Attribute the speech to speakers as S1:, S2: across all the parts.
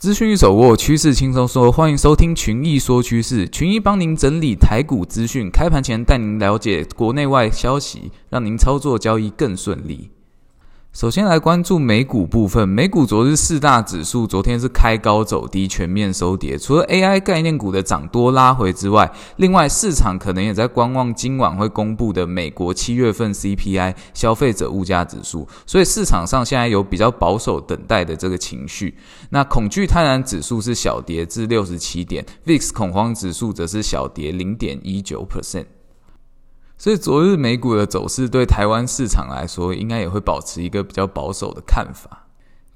S1: 資訊一手握，趨勢輕鬆說。歡迎收聽群益說趨勢，群益幫您整理台股資訊，開盤前帶您了解國內外消息，讓您操作交易更順利。首先來關注美股部分，美股昨日四大指數昨天是開高走低，全面收跌。除了 AI 概念股的漲多拉回之外，另外市場可能也在觀望今晚會公布的美國七月份 CPI 消費者物價指數，所以市場上現在有比較保守等待的這個情緒。那恐懼貪婪指數是小跌至六十七點，VIX 恐慌指數則是小跌零點一九 percent。所以昨日美股的走勢對台灣市場來說，應該也會保持一個比較保守的看法。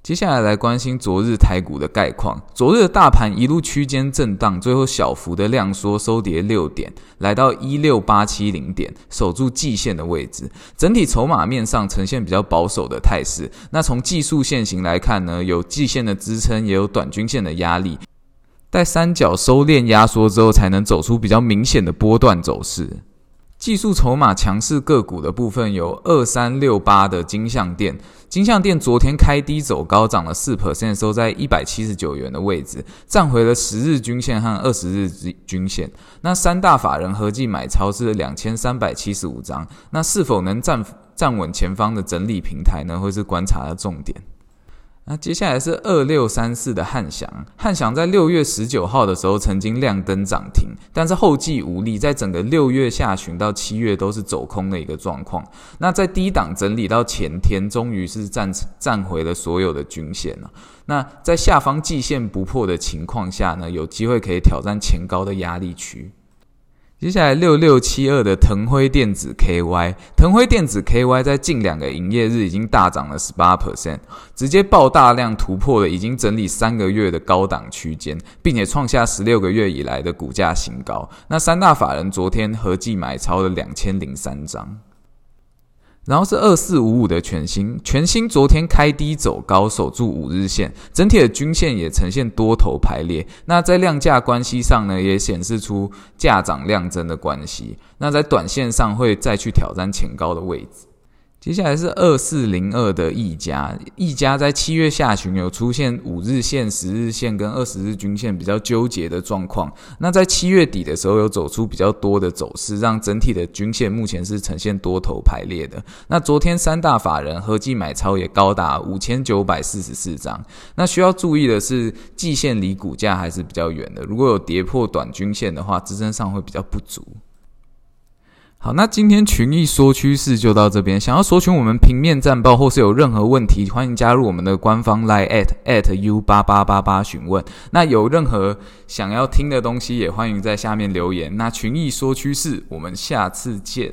S1: 接下來來關心昨日台股的概況。昨日的大盤一路區間震盪，最後小幅的量縮收跌六點，來到一六八七零點，守住季線的位置。整體籌碼面上呈現比較保守的態勢。那從技術線型來看呢，有季線的支撐，也有短均線的壓力。待三角收斂壓縮之後，才能走出比較明顯的波段走勢。技術籌碼強勢個股的部分，有二三六八的金像電，金像電昨天開低走高，漲了四 percent，收在一百七十九元的位置，站回了十日均線和二十日均線。那三大法人合計買超是兩千三百七十五張，那是否能站站穩前方的整理平台呢？會是觀察的重點。那接下來是二六三四的漢翔，漢翔在六月十九號的時候曾經亮燈漲停，但是後繼無力，在整個六月下旬到七月都是走空的一個狀況。那在低檔整理到前天，終於是站站回了所有的均線了。那在下方季線不破的情況下呢，有機會可以挑戰前高的壓力區。接下來六六七二的騰輝電子 KY，騰輝電子 KY 在近兩個營業日已經大漲了十八 percent，直接爆大量突破了已經整理三個月的高檔區間，並且創下十六個月以來的股價新高。那三大法人昨天合計買超了兩千零三張。然後是二四五五的全新，全新昨天開低走高，守住五日線，整體的均線也呈現多頭排列。那在量價關係上呢，也顯示出價漲量增的關係。那在短線上會再去挑戰前高的位置。接下來是二四零二的毅嘉，毅嘉在七月下旬有出現五日線、十日線跟二十日均線比較糾結的狀況。那在七月底的時候有走出比較多的走勢，讓整體的均線目前是呈現多頭排列的。那昨天三大法人合計買超也高達五千九百四十四張。那需要注意的是，季線離股價還是比較遠的。如果有跌破短均線的話，支撐上會比較不足。好，那今天群益說趨勢就到這邊。想要索取我們平面戰報或是有任何問題，歡迎加入我們的官方 Line at at u 八八八八詢問。那有任何想要聽的東西，也歡迎在下面留言。那群益說趨勢，我們下次見。